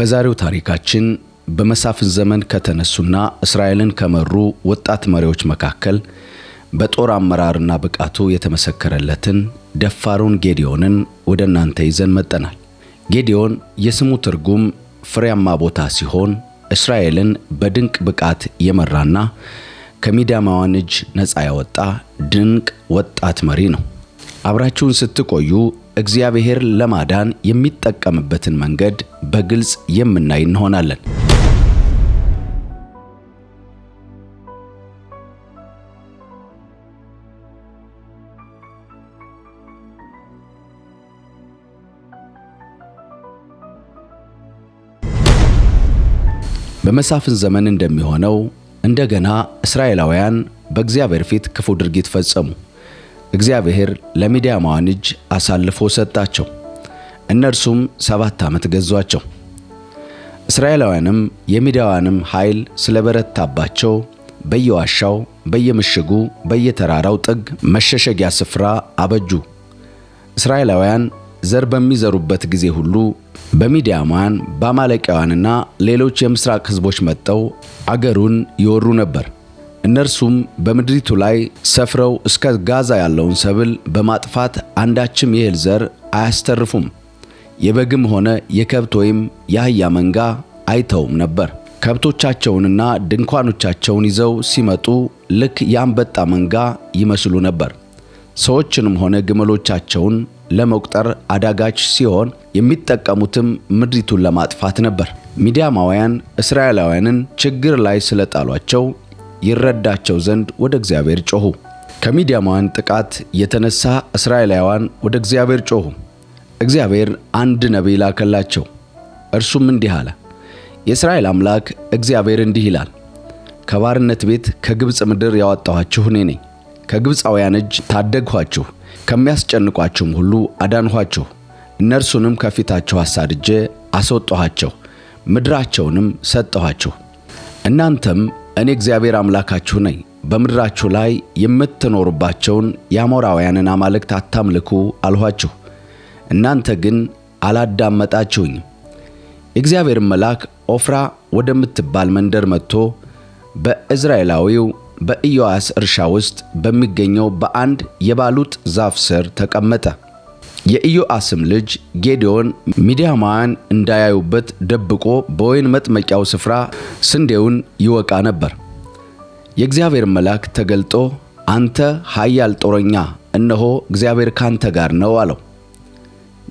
በዛሬው ታሪካችን በመሳፍን ዘመን ከተነሱና እስራኤልን ከመሩ ወጣት መሪዎች መካከል በጦር አመራርና ብቃቱ የተመሰከረለትን ደፋሩን ጌዲዮንን ወደ እናንተ ይዘን መጠናል። ጌዲዮን የስሙ ትርጉም ፍሬያማ ቦታ ሲሆን እስራኤልን በድንቅ ብቃት የመራና ከሚዳማዋን እጅ ነፃ ያወጣ ድንቅ ወጣት መሪ ነው። አብራችሁን ስትቆዩ እግዚአብሔር ለማዳን የሚጠቀምበትን መንገድ በግልጽ የምናይ እንሆናለን። በመሳፍን ዘመን እንደሚሆነው እንደገና እስራኤላውያን በእግዚአብሔር ፊት ክፉ ድርጊት ፈጸሙ። እግዚአብሔር ለሚዲያማውያን እጅ አሳልፎ ሰጣቸው። እነርሱም ሰባት ዓመት ገዟቸው። እስራኤላውያንም የሚዲያውያንም ኃይል ስለበረታባቸው በየዋሻው፣ በየምሽጉ፣ በየተራራው ጥግ መሸሸጊያ ስፍራ አበጁ። እስራኤላውያን ዘር በሚዘሩበት ጊዜ ሁሉ በሚዲያማውያን በአማሌቃውያንና ሌሎች የምስራቅ ሕዝቦች መጥተው አገሩን ይወሩ ነበር። እነርሱም በምድሪቱ ላይ ሰፍረው እስከ ጋዛ ያለውን ሰብል በማጥፋት አንዳችም የእህል ዘር አያስተርፉም። የበግም ሆነ የከብት ወይም የአህያ መንጋ አይተውም ነበር። ከብቶቻቸውንና ድንኳኖቻቸውን ይዘው ሲመጡ ልክ የአንበጣ መንጋ ይመስሉ ነበር። ሰዎችንም ሆነ ግመሎቻቸውን ለመቁጠር አዳጋች ሲሆን የሚጠቀሙትም ምድሪቱን ለማጥፋት ነበር። ሚዲያማውያን እስራኤላውያንን ችግር ላይ ስለጣሏቸው ይረዳቸው ዘንድ ወደ እግዚአብሔር ጮኹ። ከሚዲያማውያን ጥቃት የተነሳ እስራኤላውያን ወደ እግዚአብሔር ጮኹ። እግዚአብሔር አንድ ነቢይ ላከላቸው። እርሱም እንዲህ አለ፣ የእስራኤል አምላክ እግዚአብሔር እንዲህ ይላል፣ ከባርነት ቤት ከግብፅ ምድር ያወጣኋችሁ እኔ ነኝ። ከግብፃውያን እጅ ታደግኋችሁ፣ ከሚያስጨንቋችሁም ሁሉ አዳንኋችሁ። እነርሱንም ከፊታችሁ አሳድጄ አስወጣኋቸው፣ ምድራቸውንም ሰጠኋችሁ። እናንተም እኔ እግዚአብሔር አምላካችሁ ነኝ። በምድራችሁ ላይ የምትኖሩባቸውን የአሞራውያንን አማልክት አታምልኩ አልኋችሁ፣ እናንተ ግን አላዳመጣችሁኝም። የእግዚአብሔር መልአክ ኦፍራ ወደምትባል መንደር መጥቶ በእዝራኤላዊው በኢዮአስ እርሻ ውስጥ በሚገኘው በአንድ የባሉጥ ዛፍ ስር ተቀመጠ። የኢዮአስም ልጅ ጌዲዮን ሚዲያማውያን እንዳያዩበት ደብቆ በወይን መጥመቂያው ስፍራ ስንዴውን ይወቃ ነበር። የእግዚአብሔር መልአክ ተገልጦ አንተ ኃያል ጦረኛ፣ እነሆ እግዚአብሔር ካንተ ጋር ነው አለው።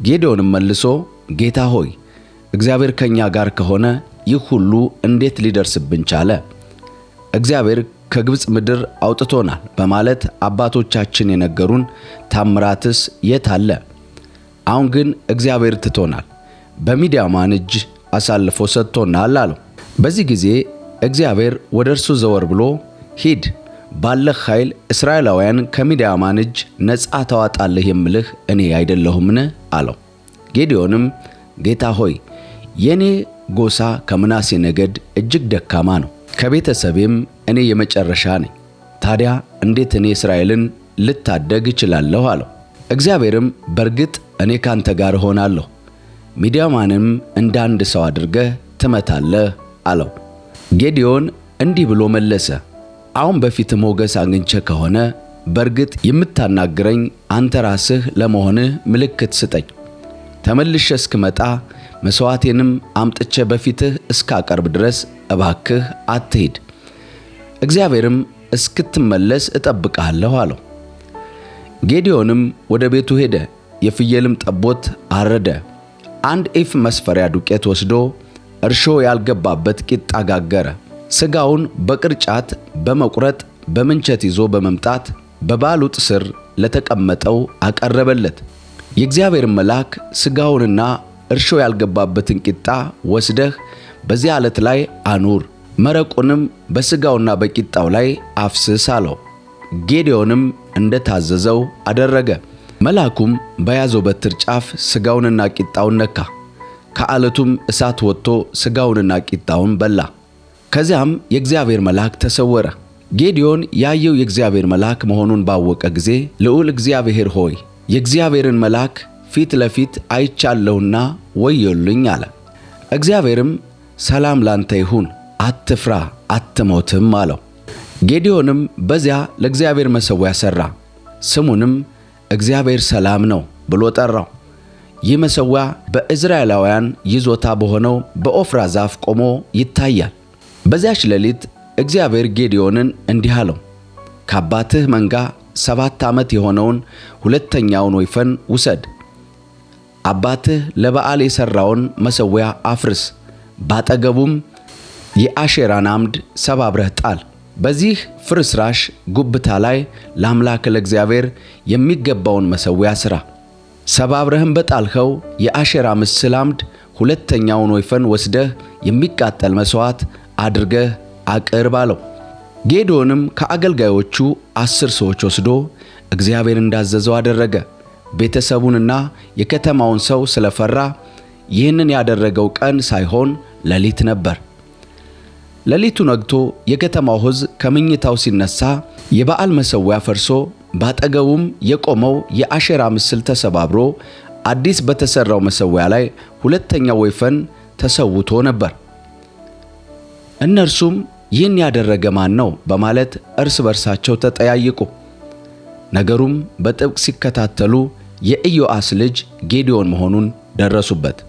ጌዴዎንም መልሶ ጌታ ሆይ እግዚአብሔር ከእኛ ጋር ከሆነ ይህ ሁሉ እንዴት ሊደርስብን ቻለ? እግዚአብሔር ከግብፅ ምድር አውጥቶናል በማለት አባቶቻችን የነገሩን ታምራትስ የት አለ? አሁን ግን እግዚአብሔር ትቶናል፣ በሚዲያማን እጅ አሳልፎ ሰጥቶናል አለው። በዚህ ጊዜ እግዚአብሔር ወደ እርሱ ዘወር ብሎ ሂድ ባለህ ኃይል እስራኤላውያን ከሚዲያማን እጅ ነፃ ታዋጣለህ የምልህ እኔ አይደለሁምን? አለው። ጌዲዮንም ጌታ ሆይ የእኔ ጎሳ ከምናሴ ነገድ እጅግ ደካማ ነው፣ ከቤተሰቤም እኔ የመጨረሻ ነኝ። ታዲያ እንዴት እኔ እስራኤልን ልታደግ እችላለሁ? አለው። እግዚአብሔርም በእርግጥ እኔ ካንተ ጋር እሆናለሁ፣ ሚዲያማንም እንደ አንድ ሰው አድርገህ ትመታለህ አለው። ጌዲዮን እንዲህ ብሎ መለሰ፣ አሁን በፊት ሞገስ አግኝቼ ከሆነ በእርግጥ የምታናግረኝ አንተ ራስህ ለመሆንህ ምልክት ስጠኝ። ተመልሼ እስክመጣ መሥዋዕቴንም አምጥቼ በፊትህ እስካቀርብ ድረስ እባክህ አትሂድ። እግዚአብሔርም እስክትመለስ እጠብቅሃለሁ አለው። ጌዲዮንም ወደ ቤቱ ሄደ። የፍየልም ጠቦት አረደ። አንድ ኢፍ መስፈሪያ ዱቄት ወስዶ እርሾ ያልገባበት ቂጣ ጋገረ። ሥጋውን በቅርጫት በመቁረጥ በምንቸት ይዞ በመምጣት በባሉጥ ስር ለተቀመጠው አቀረበለት። የእግዚአብሔር መልአክ ሥጋውንና እርሾ ያልገባበትን ቂጣ ወስደህ በዚህ ዓለት ላይ አኑር፣ መረቁንም በሥጋውና በቂጣው ላይ አፍስስ አለው። ጌዴዎንም እንደታዘዘው አደረገ። መልአኩም በያዘው በትር ጫፍ ሥጋውንና ቂጣውን ነካ። ከዓለቱም እሳት ወጥቶ ሥጋውንና ቂጣውን በላ። ከዚያም የእግዚአብሔር መልአክ ተሰወረ። ጌዲዮን ያየው የእግዚአብሔር መልአክ መሆኑን ባወቀ ጊዜ ልዑል እግዚአብሔር ሆይ የእግዚአብሔርን መልአክ ፊት ለፊት አይቻለሁና ወዮልኝ አለ። እግዚአብሔርም ሰላም ላንተ ይሁን፣ አትፍራ፣ አትሞትም አለው። ጌዲዮንም በዚያ ለእግዚአብሔር መሠዊያ ሠራ፣ ስሙንም እግዚአብሔር ሰላም ነው ብሎ ጠራው። ይህ መሠዊያ በእዝራኤላውያን ይዞታ በሆነው በኦፍራ ዛፍ ቆሞ ይታያል። በዚያች ሌሊት እግዚአብሔር ጌዲዮንን እንዲህ አለው፣ ከአባትህ መንጋ ሰባት ዓመት የሆነውን ሁለተኛውን ወይፈን ውሰድ። አባትህ ለበዓል የሠራውን መሠዊያ አፍርስ፣ ባጠገቡም የአሼራን አምድ ሰባብረህ ጣል። በዚህ ፍርስራሽ ጉብታ ላይ ለአምላክ ለእግዚአብሔር የሚገባውን መሠዊያ ሥራ። ሰባብረህም በጣልኸው የአሸራ ምስል አምድ ሁለተኛውን ወይፈን ወስደህ የሚቃጠል መሥዋዕት አድርገህ አቅርብ አለው። ጌዶንም ከአገልጋዮቹ አስር ሰዎች ወስዶ እግዚአብሔር እንዳዘዘው አደረገ። ቤተሰቡንና የከተማውን ሰው ስለፈራ ይህንን ያደረገው ቀን ሳይሆን ሌሊት ነበር። ሌሊቱ ነግቶ የከተማው ሕዝብ ከመኝታው ሲነሳ የበዓል መሠዊያ ፈርሶ ባጠገቡም የቆመው የአሸራ ምስል ተሰባብሮ አዲስ በተሰራው መሠዊያ ላይ ሁለተኛ ወይፈን ተሰውቶ ነበር። እነርሱም ይህን ያደረገ ማን ነው? በማለት እርስ በርሳቸው ተጠያየቁ። ነገሩም በጥብቅ ሲከታተሉ የኢዮአስ ልጅ ጌዲዮን መሆኑን ደረሱበት።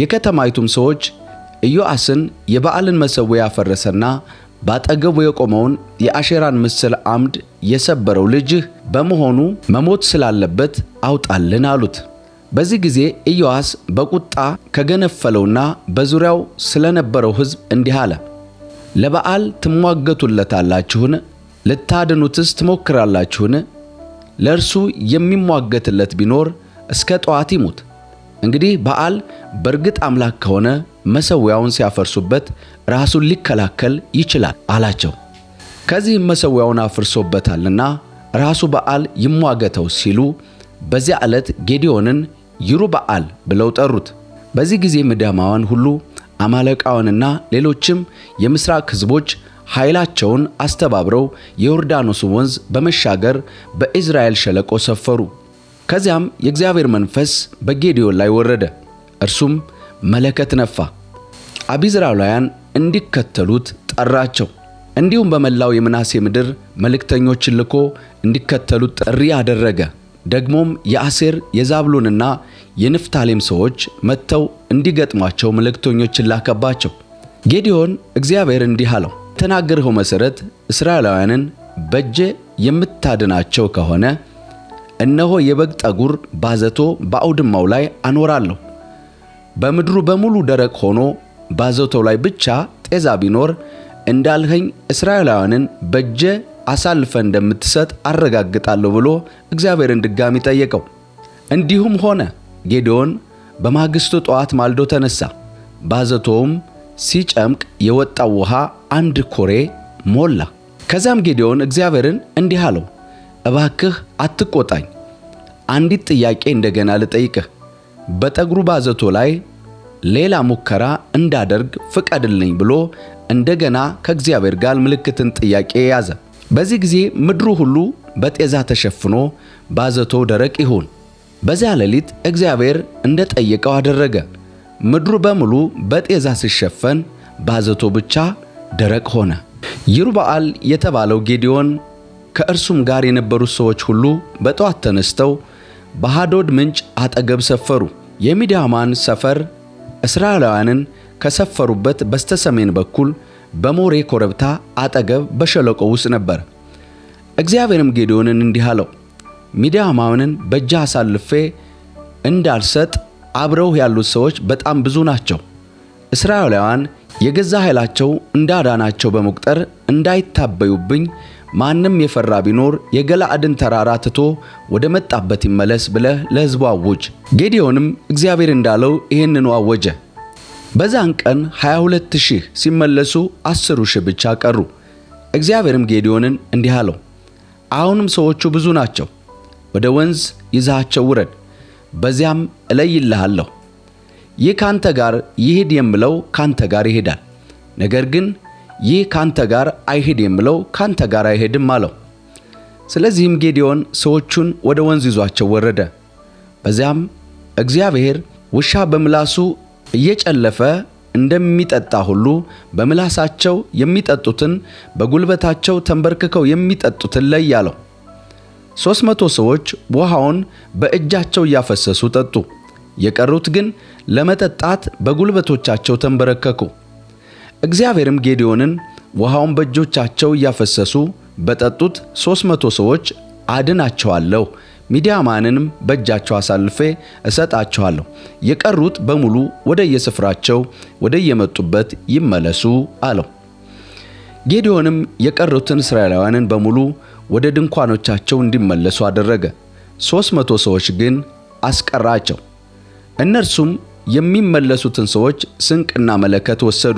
የከተማይቱም ሰዎች ኢዮአስን የበዓልን መሠዊያ ያፈረሰና ባጠገቡ የቆመውን የአሼራን ምስል አምድ የሰበረው ልጅህ በመሆኑ መሞት ስላለበት አውጣልን አሉት። በዚህ ጊዜ ኢዮአስ በቁጣ ከገነፈለውና በዙሪያው ስለነበረው ሕዝብ እንዲህ አለ። ለበዓል ትሟገቱለታላችሁን? ልታድኑትስ ትሞክራላችሁን? ለእርሱ የሚሟገትለት ቢኖር እስከ ጠዋት ይሙት። እንግዲህ በዓል በእርግጥ አምላክ ከሆነ መሰዊያውን ሲያፈርሱበት ራሱን ሊከላከል ይችላል አላቸው። ከዚህም መሰዊያውን አፍርሶበታልና ራሱ በዓል ይሟገተው ሲሉ በዚያ ዕለት ጌዲዮንን ይሩ በዓል ብለው ጠሩት። በዚህ ጊዜ ምዳማውያን ሁሉ አማለቃውንና ሌሎችም የምሥራቅ ሕዝቦች ኃይላቸውን አስተባብረው የዮርዳኖስ ወንዝ በመሻገር በኢዝራኤል ሸለቆ ሰፈሩ። ከዚያም የእግዚአብሔር መንፈስ በጌዲዮን ላይ ወረደ፣ እርሱም መለከት ነፋ። አቢዝራውያን እንዲከተሉት ጠራቸው። እንዲሁም በመላው የምናሴ ምድር መልእክተኞችን ልኮ እንዲከተሉት ጥሪ አደረገ። ደግሞም የአሴር የዛብሎንና የንፍታሌም ሰዎች መጥተው እንዲገጥሟቸው መልእክተኞችን ላከባቸው። ጌዲዮን እግዚአብሔር እንዲህ አለው፣ የተናገርኸው መሠረት እስራኤላውያንን በእጄ የምታድናቸው ከሆነ እነሆ የበግ ጠጉር ባዘቶ በአውድማው ላይ አኖራለሁ። በምድሩ በሙሉ ደረቅ ሆኖ ባዘቶ ላይ ብቻ ጤዛ ቢኖር እንዳልኸኝ እስራኤላውያንን በእጀ አሳልፈ እንደምትሰጥ አረጋግጣለሁ ብሎ እግዚአብሔርን ድጋሚ ጠየቀው። እንዲሁም ሆነ። ጌዴዎን በማግስቱ ጠዋት ማልዶ ተነሳ። ባዘቶውም ሲጨምቅ የወጣው ውሃ አንድ ኮሬ ሞላ። ከዚያም ጌዴዎን እግዚአብሔርን እንዲህ አለው እባክህ አትቆጣኝ። አንዲት ጥያቄ እንደገና ልጠይቅህ። በጠጉሩ ባዘቶ ላይ ሌላ ሙከራ እንዳደርግ ፍቀድልኝ ብሎ እንደገና ከእግዚአብሔር ጋር ምልክትን ጥያቄ ያዘ። በዚህ ጊዜ ምድሩ ሁሉ በጤዛ ተሸፍኖ ባዘቶ ደረቅ ይሁን። በዚያ ሌሊት እግዚአብሔር እንደጠየቀው አደረገ። ምድሩ በሙሉ በጤዛ ሲሸፈን ባዘቶ ብቻ ደረቅ ሆነ። ይሩበአል የተባለው ጌዲዮን ከእርሱም ጋር የነበሩት ሰዎች ሁሉ በጠዋት ተነስተው በሃዶድ ምንጭ አጠገብ ሰፈሩ። የሚዳማን ሰፈር እስራኤላውያንን ከሰፈሩበት በስተሰሜን በኩል በሞሬ ኮረብታ አጠገብ በሸለቆ ውስጥ ነበር። እግዚአብሔርም ጌዴዎንን እንዲህ አለው፣ ሚዳማንን በእጅህ አሳልፌ እንዳልሰጥ አብረው ያሉት ሰዎች በጣም ብዙ ናቸው። እስራኤላውያን የገዛ ኃይላቸው እንዳዳናቸው በመቁጠር እንዳይታበዩብኝ ማንም የፈራ ቢኖር የገላአድን ተራራ ትቶ ወደ መጣበት ይመለስ ብለህ ለሕዝቡ አውጅ። ጌዲዮንም እግዚአብሔር እንዳለው ይህንኑ አወጀ። በዛን ቀን 22 ሺህ ሲመለሱ አስሩ ሺህ ብቻ ቀሩ። እግዚአብሔርም ጌዲዮንን እንዲህ አለው፣ አሁንም ሰዎቹ ብዙ ናቸው፣ ወደ ወንዝ ይዛቸው ውረድ፣ በዚያም እለይልሃለሁ። ይህ ካንተ ጋር ይሄድ የምለው ካንተ ጋር ይሄዳል፣ ነገር ግን ይህ ካንተ ጋር አይሄድ የምለው ካንተ ጋር አይሄድም አለው። ስለዚህም ጌዲዮን ሰዎቹን ወደ ወንዝ ይዟቸው ወረደ። በዚያም እግዚአብሔር ውሻ በምላሱ እየጨለፈ እንደሚጠጣ ሁሉ በምላሳቸው የሚጠጡትን በጉልበታቸው ተንበርክከው የሚጠጡትን ለይ አለው። ሦስት መቶ ሰዎች ውሃውን በእጃቸው እያፈሰሱ ጠጡ። የቀሩት ግን ለመጠጣት በጉልበቶቻቸው ተንበረከኩ። እግዚአብሔርም ጌዴዎንን ውሃውን በእጆቻቸው እያፈሰሱ በጠጡት ሦስት መቶ ሰዎች አድናቸዋለሁ፣ ሚዲያማንንም በእጃቸው አሳልፌ እሰጣቸዋለሁ፣ የቀሩት በሙሉ ወደየስፍራቸው ወደየመጡበት ይመለሱ አለው። ጌዴዎንም የቀሩትን እስራኤላውያንን በሙሉ ወደ ድንኳኖቻቸው እንዲመለሱ አደረገ። ሦስት መቶ ሰዎች ግን አስቀራቸው። እነርሱም የሚመለሱትን ሰዎች ስንቅና መለከት ወሰዱ።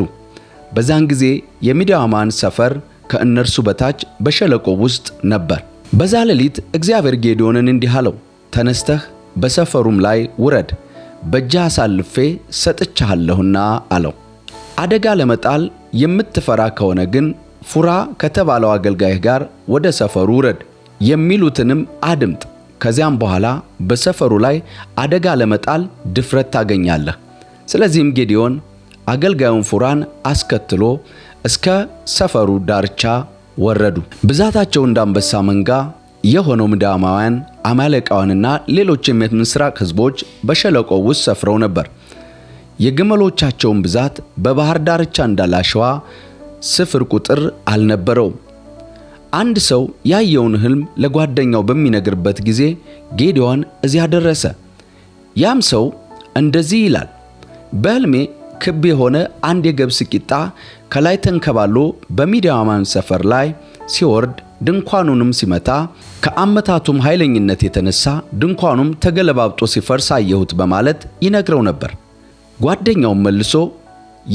በዛን ጊዜ የሚዲያማን ሰፈር ከእነርሱ በታች በሸለቆ ውስጥ ነበር። በዛ ሌሊት እግዚአብሔር ጌዲዮንን እንዲህ አለው፣ ተነስተህ በሰፈሩም ላይ ውረድ፣ በእጅህ አሳልፌ ሰጥቻለሁና አለው። አደጋ ለመጣል የምትፈራ ከሆነ ግን ፉራ ከተባለው አገልጋይህ ጋር ወደ ሰፈሩ ውረድ፣ የሚሉትንም አድምጥ። ከዚያም በኋላ በሰፈሩ ላይ አደጋ ለመጣል ድፍረት ታገኛለህ። ስለዚህም ጌዲዮን አገልጋዩን ፉራን አስከትሎ እስከ ሰፈሩ ዳርቻ ወረዱ። ብዛታቸው እንዳንበሳ መንጋ የሆነው ምዳማውያን አማሌቃውያንና ሌሎች የምስራቅ ህዝቦች በሸለቆ ውስጥ ሰፍረው ነበር። የግመሎቻቸውን ብዛት በባህር ዳርቻ እንዳለ አሸዋ ስፍር ቁጥር አልነበረውም። አንድ ሰው ያየውን ህልም ለጓደኛው በሚነግርበት ጊዜ ጌዲዮን እዚያ ደረሰ። ያም ሰው እንደዚህ ይላል፣ በህልሜ ክብ የሆነ አንድ የገብስ ቂጣ ከላይ ተንከባሎ በሚዲያማን ሰፈር ላይ ሲወርድ ድንኳኑንም ሲመታ ከአመታቱም ኃይለኝነት የተነሳ ድንኳኑም ተገለባብጦ ሲፈርስ አየሁት በማለት ይነግረው ነበር። ጓደኛውም መልሶ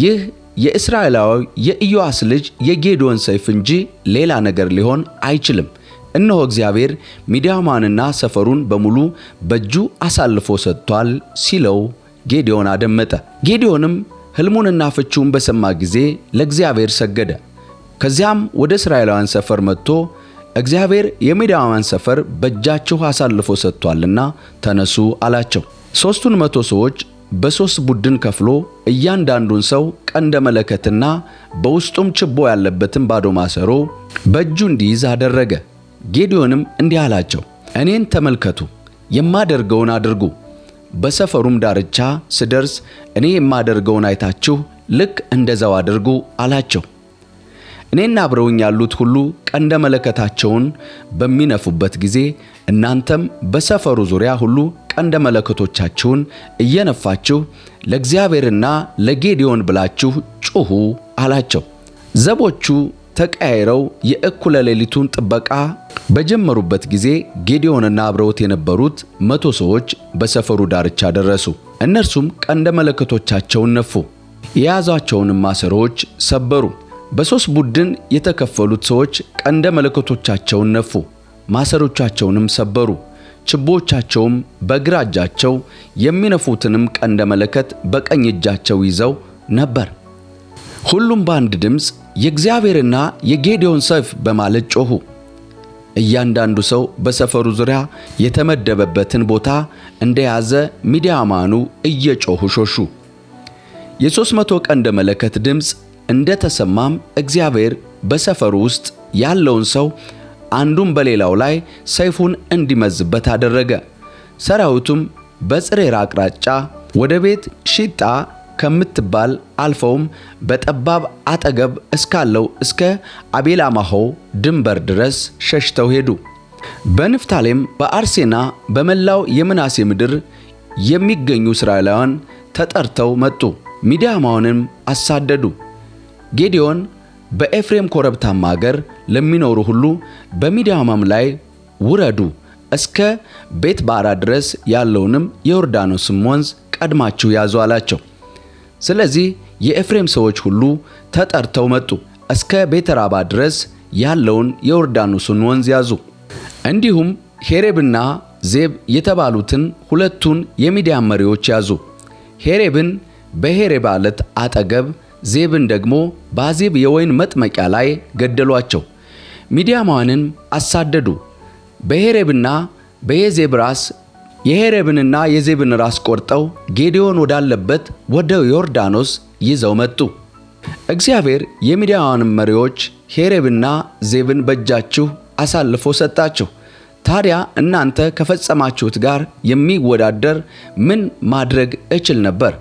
ይህ የእስራኤላዊ የኢዮአስ ልጅ የጌዶን ሰይፍ እንጂ ሌላ ነገር ሊሆን አይችልም። እነሆ እግዚአብሔር ሚዲያማንና ሰፈሩን በሙሉ በእጁ አሳልፎ ሰጥቷል ሲለው ጌዴዎን አደመጠ። ጌዴዎንም ሕልሙንና ፍቹን በሰማ ጊዜ ለእግዚአብሔር ሰገደ። ከዚያም ወደ እስራኤላውያን ሰፈር መጥቶ እግዚአብሔር የሜዳውያን ሰፈር በእጃችሁ አሳልፎ ሰጥቷልና ተነሱ አላቸው። ሦስቱን መቶ ሰዎች በሦስት ቡድን ከፍሎ እያንዳንዱን ሰው ቀንደ መለከትና በውስጡም ችቦ ያለበትን ባዶ ማሰሮ በእጁ እንዲይዝ አደረገ። ጌዲዮንም እንዲህ አላቸው፣ እኔን ተመልከቱ፣ የማደርገውን አድርጉ በሰፈሩም ዳርቻ ስደርስ እኔ የማደርገውን አይታችሁ ልክ እንደዛው አድርጉ አላቸው። እኔና አብረውኝ ያሉት ሁሉ ቀንደ መለከታቸውን በሚነፉበት ጊዜ እናንተም በሰፈሩ ዙሪያ ሁሉ ቀንደ መለከቶቻችሁን እየነፋችሁ ለእግዚአብሔርና ለጌዲዮን ብላችሁ ጩኹ አላቸው። ዘቦቹ ተቀያይረው የእኩለ ሌሊቱን ጥበቃ በጀመሩበት ጊዜ ጌዲዮንና አብረውት የነበሩት መቶ ሰዎች በሰፈሩ ዳርቻ ደረሱ። እነርሱም ቀንደ መለከቶቻቸውን ነፉ፣ የያዟቸውን ማሰሮዎች ሰበሩ። በሦስት ቡድን የተከፈሉት ሰዎች ቀንደ መለከቶቻቸውን ነፉ፣ ማሰሮቻቸውንም ሰበሩ። ችቦቻቸውም በግራ እጃቸው የሚነፉትንም ቀንደ መለከት በቀኝ እጃቸው ይዘው ነበር። ሁሉም በአንድ ድምፅ የእግዚአብሔርና የጌዲዮን ሰይፍ በማለት ጮኹ። እያንዳንዱ ሰው በሰፈሩ ዙሪያ የተመደበበትን ቦታ እንደያዘ ሚዲያማኑ እየጮሁ ሾሹ። የሦስት መቶ ቀንደ መለከት ድምፅ እንደተሰማም እግዚአብሔር በሰፈሩ ውስጥ ያለውን ሰው አንዱን በሌላው ላይ ሰይፉን እንዲመዝበት አደረገ። ሰራዊቱም በጽሬራ አቅራጫ ወደ ቤት ሺጣ ከምትባል አልፈውም በጠባብ አጠገብ እስካለው እስከ አቤላማሆ ድንበር ድረስ ሸሽተው ሄዱ። በንፍታሌም በአርሴና በመላው የምናሴ ምድር የሚገኙ እስራኤላውያን ተጠርተው መጡ። ሚዲያማውንም አሳደዱ። ጌዲዮን በኤፍሬም ኮረብታማ አገር ለሚኖሩ ሁሉ በሚዲያማም ላይ ውረዱ እስከ ቤት ባራ ድረስ ያለውንም የዮርዳኖስም ወንዝ ቀድማችሁ ያዙ አላቸው። ስለዚህ የኤፍሬም ሰዎች ሁሉ ተጠርተው መጡ፣ እስከ ቤተራባ ድረስ ያለውን የዮርዳኖስን ወንዝ ያዙ። እንዲሁም ሄሬብና ዜብ የተባሉትን ሁለቱን የሚዲያን መሪዎች ያዙ። ሄሬብን በሄሬብ ዓለት አጠገብ፣ ዜብን ደግሞ በአዜብ የወይን መጥመቂያ ላይ ገደሏቸው። ሚዲያማውያንን አሳደዱ። በሄሬብና በየዜብ ራስ የሄሬብንና የዜብን ራስ ቆርጠው ጌዴዎን ወዳለበት ወደ ዮርዳኖስ ይዘው መጡ። እግዚአብሔር የሚዲያውያንን መሪዎች ሄሬብና ዜብን በእጃችሁ አሳልፎ ሰጣችሁ። ታዲያ እናንተ ከፈጸማችሁት ጋር የሚወዳደር ምን ማድረግ እችል ነበር?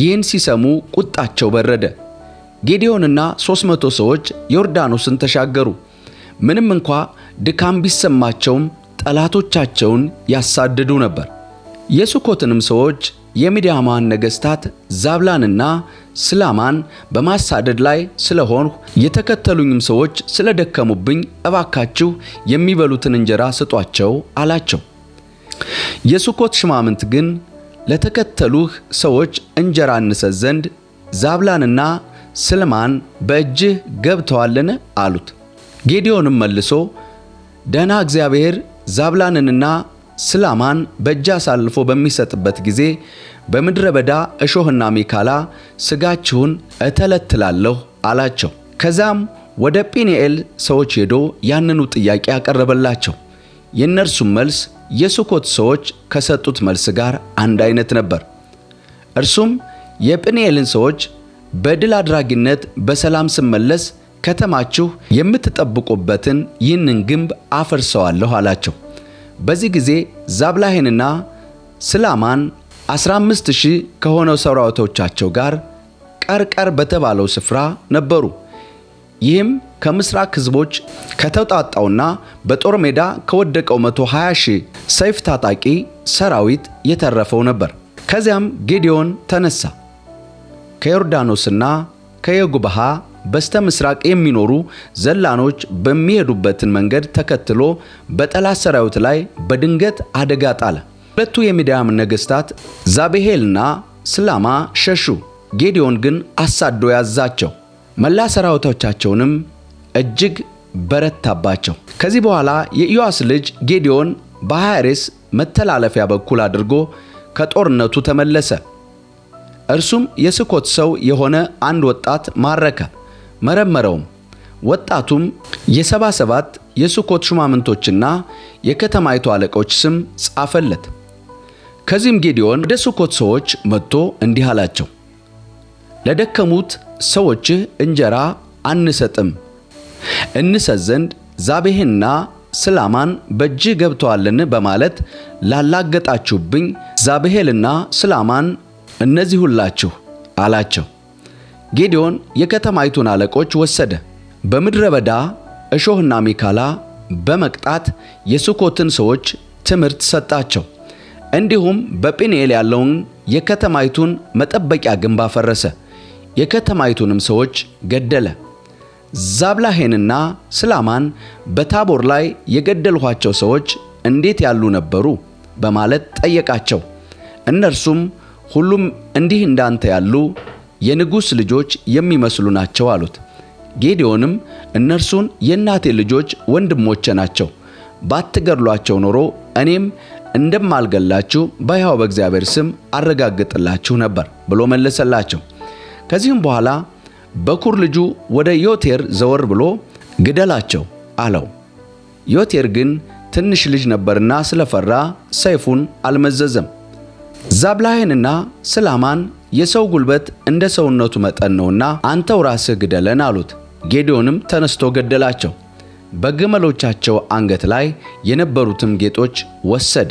ይህን ሲሰሙ ቁጣቸው በረደ። ጌዴዎንና 300 ሰዎች ዮርዳኖስን ተሻገሩ። ምንም እንኳ ድካም ቢሰማቸውም ጠላቶቻቸውን ያሳድዱ ነበር። የሱኮትንም ሰዎች የሚዲያማን ነገሥታት ዛብላንና ስላማን በማሳደድ ላይ ስለሆንሁ የተከተሉኝም ሰዎች ስለደከሙብኝ እባካችሁ የሚበሉትን እንጀራ ስጧቸው አላቸው። የሱኮት ሽማምንት ግን ለተከተሉህ ሰዎች እንጀራ እንሰጥ ዘንድ ዛብላንና ስልማን በእጅህ ገብተዋልን? አሉት። ጌዲዮንም መልሶ ደህና እግዚአብሔር ዛብላንንና ስላማን በእጅ አሳልፎ በሚሰጥበት ጊዜ በምድረ በዳ እሾህና ሚካላ ስጋችሁን እተለትላለሁ አላቸው። ከዚያም ወደ ጲንኤል ሰዎች ሄዶ ያንኑ ጥያቄ አቀረበላቸው። የእነርሱም መልስ የሱኮት ሰዎች ከሰጡት መልስ ጋር አንድ አይነት ነበር። እርሱም የጵንኤልን ሰዎች በድል አድራጊነት በሰላም ስመለስ ከተማችሁ የምትጠብቁበትን ይህንን ግንብ አፈርሰዋለሁ አላቸው። በዚህ ጊዜ ዛብላሄንና ስላማን 15 ሺህ ከሆነው ሰራዊቶቻቸው ጋር ቀርቀር በተባለው ስፍራ ነበሩ። ይህም ከምስራቅ ሕዝቦች ከተውጣጣውና በጦር ሜዳ ከወደቀው 120 ሺህ ሰይፍ ታጣቂ ሰራዊት የተረፈው ነበር። ከዚያም ጌዲዮን ተነሳ ከዮርዳኖስና ከየጉባሃ በስተ ምስራቅ የሚኖሩ ዘላኖች በሚሄዱበትን መንገድ ተከትሎ በጠላት ሰራዊት ላይ በድንገት አደጋ ጣለ። ሁለቱ የሚዲያም ነገሥታት ዛብሄልና ስላማ ሸሹ። ጌዲዮን ግን አሳዶ ያዛቸው፣ መላ ሰራዊቶቻቸውንም እጅግ በረታባቸው። ከዚህ በኋላ የኢዮአስ ልጅ ጌዲዮን በሃያሬስ መተላለፊያ በኩል አድርጎ ከጦርነቱ ተመለሰ። እርሱም የስኮት ሰው የሆነ አንድ ወጣት ማረከ። መረመረውም። ወጣቱም የሰባ ሰባት የሱኮት ሹማምንቶችና የከተማይቱ አለቆች ስም ጻፈለት። ከዚህም ጌዲዮን ወደ ሱኮት ሰዎች መጥቶ እንዲህ አላቸው፣ ለደከሙት ሰዎችህ እንጀራ አንሰጥም፣ እንሰጥ ዘንድ ዛቤህና ስላማን በእጅህ ገብተዋልን? በማለት ላላገጣችሁብኝ ዛብሄልና ስላማን እነዚህ ሁላችሁ አላቸው። ጌዲዮን የከተማይቱን አለቆች ወሰደ። በምድረ በዳ እሾህና ሚካላ በመቅጣት የሱኮትን ሰዎች ትምህርት ሰጣቸው። እንዲሁም በጴንኤል ያለውን የከተማይቱን መጠበቂያ ግንብ አፈረሰ፣ የከተማይቱንም ሰዎች ገደለ። ዛብላሄንና ስላማን በታቦር ላይ የገደልኋቸው ሰዎች እንዴት ያሉ ነበሩ? በማለት ጠየቃቸው። እነርሱም ሁሉም እንዲህ እንዳንተ ያሉ የንጉሥ ልጆች የሚመስሉ ናቸው አሉት። ጌዴዎንም እነርሱን የእናቴ ልጆች ወንድሞቼ ናቸው፣ ባትገድሏቸው ኖሮ እኔም እንደማልገላችሁ በሕያው በእግዚአብሔር ስም አረጋግጥላችሁ ነበር ብሎ መለሰላቸው። ከዚህም በኋላ በኩር ልጁ ወደ ዮቴር ዘወር ብሎ ግደላቸው አለው። ዮቴር ግን ትንሽ ልጅ ነበርና ስለፈራ ሰይፉን አልመዘዘም። ዛብላሄንና ስላማን የሰው ጉልበት እንደ ሰውነቱ መጠን ነውና አንተው ራስህ ግደለን አሉት። ጌዲዮንም ተነስቶ ገደላቸው። በግመሎቻቸው አንገት ላይ የነበሩትም ጌጦች ወሰደ።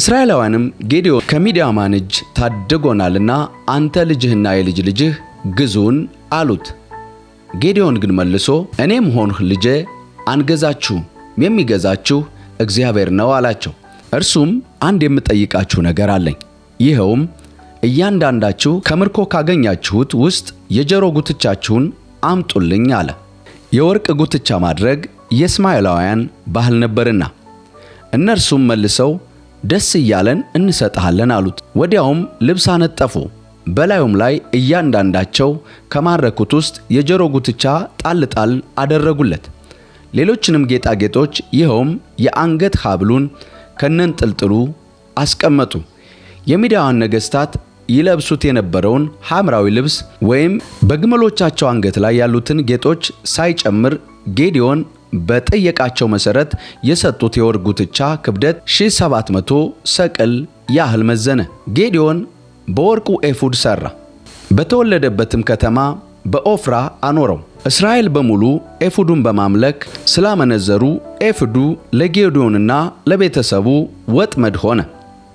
እስራኤላውያንም ጌዲዮን ከሚዲያማን እጅ ታድጎናልና አንተ ልጅህና የልጅ ልጅህ ግዙን አሉት። ጌዲዮን ግን መልሶ እኔም ሆንህ ልጄ አንገዛችሁም፣ የሚገዛችሁ እግዚአብሔር ነው አላቸው። እርሱም አንድ የምጠይቃችሁ ነገር አለኝ፣ ይኸውም እያንዳንዳችሁ ከምርኮ ካገኛችሁት ውስጥ የጆሮ ጉትቻችሁን አምጡልኝ አለ። የወርቅ ጉትቻ ማድረግ የእስማኤላውያን ባህል ነበርና እነርሱም መልሰው ደስ እያለን እንሰጥሃለን አሉት። ወዲያውም ልብስ አነጠፉ። በላዩም ላይ እያንዳንዳቸው ከማረኩት ውስጥ የጆሮ ጉትቻ ጣል ጣል አደረጉለት። ሌሎችንም ጌጣጌጦች ይኸውም የአንገት ሀብሉን ከነንጥልጥሉ አስቀመጡ። የሚዲያዋን ነገሥታት ይለብሱት የነበረውን ሐምራዊ ልብስ ወይም በግመሎቻቸው አንገት ላይ ያሉትን ጌጦች ሳይጨምር ጌዲዮን በጠየቃቸው መሠረት የሰጡት የወርቅ ጉትቻ ክብደት 1700 ሰቅል ያህል መዘነ። ጌዲዮን በወርቁ ኤፉድ ሠራ፣ በተወለደበትም ከተማ በኦፍራ አኖረው። እስራኤል በሙሉ ኤፉዱን በማምለክ ስላመነዘሩ ኤፉዱ ለጌዲዮንና ለቤተሰቡ ወጥመድ ሆነ።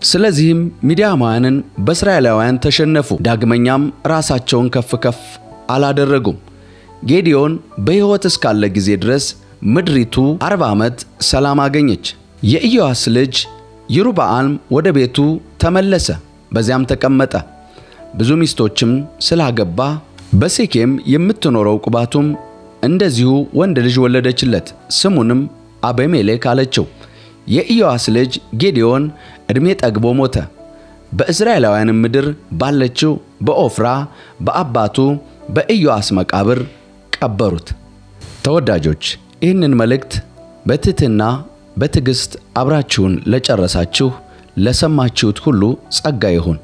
ስለዚህም ሚዲያማውያንን በእስራኤላውያን ተሸነፉ። ዳግመኛም ራሳቸውን ከፍ ከፍ አላደረጉም። ጌዲዮን በሕይወት እስካለ ጊዜ ድረስ ምድሪቱ አርባ ዓመት ሰላም አገኘች። የኢዮአስ ልጅ ይሩበአልም ወደ ቤቱ ተመለሰ፣ በዚያም ተቀመጠ። ብዙ ሚስቶችም ስላገባ በሴኬም የምትኖረው ቁባቱም እንደዚሁ ወንድ ልጅ ወለደችለት። ስሙንም አቤሜሌክ አለችው። የኢዮአስ ልጅ ጌዲዮን ዕድሜ ጠግቦ ሞተ። በእስራኤላውያን ምድር ባለችው በኦፍራ በአባቱ በኢዮአስ መቃብር ቀበሩት። ተወዳጆች ይህንን መልእክት በትህትና በትዕግሥት አብራችሁን ለጨረሳችሁ ለሰማችሁት ሁሉ ጸጋ ይሁን።